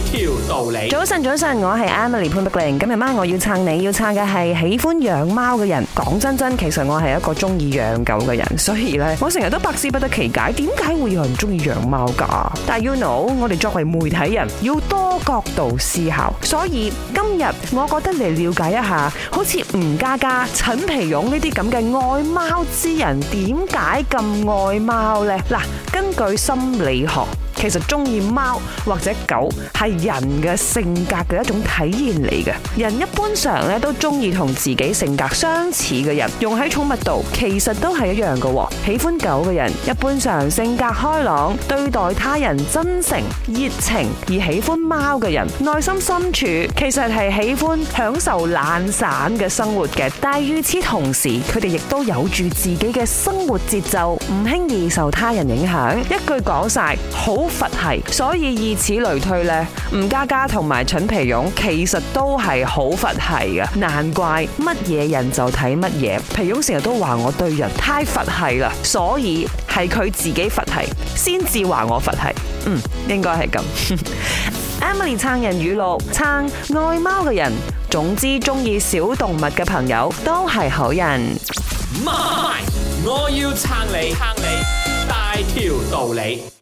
條道理。早晨，早晨，我係 Emily 潘碧玲。今日晚我要撐你，要撐嘅係喜歡養貓嘅人。講真真，其實我係一個中意養狗嘅人，所以咧，我成日都百思不得其解，點解會有人中意養貓噶？但 You know，我哋作為媒體人要多角度思考，所以今日我覺得嚟了解一下，好似吳家家、陳皮勇呢啲咁嘅愛貓之人，點解咁愛貓呢？嗱，根據心理學。其實中意貓或者狗係人嘅性格嘅一種體現嚟嘅。人一般上咧都中意同自己性格相似嘅人用在寵。用喺寵物度其實都係一樣噶。喜歡狗嘅人一般上性格開朗，對待他人真誠、熱情；而喜歡貓嘅人內心深處其實係喜歡享受懶散嘅生活嘅。但係與此同時，佢哋亦都有住自己嘅生活節奏，唔輕易受他人影響。一句講晒好。佛系，所以以此類推呢，吳家家同埋蠢皮勇其實都係好佛系嘅，難怪乜嘢人就睇乜嘢。皮勇成日都話我對人太佛系啦，所以係佢自己佛系，先至話我佛系。嗯，應該係咁。Emily 撐人語錄，撐愛貓嘅人，總之中意小動物嘅朋友都係好人。我要撐你，撐你大條道理。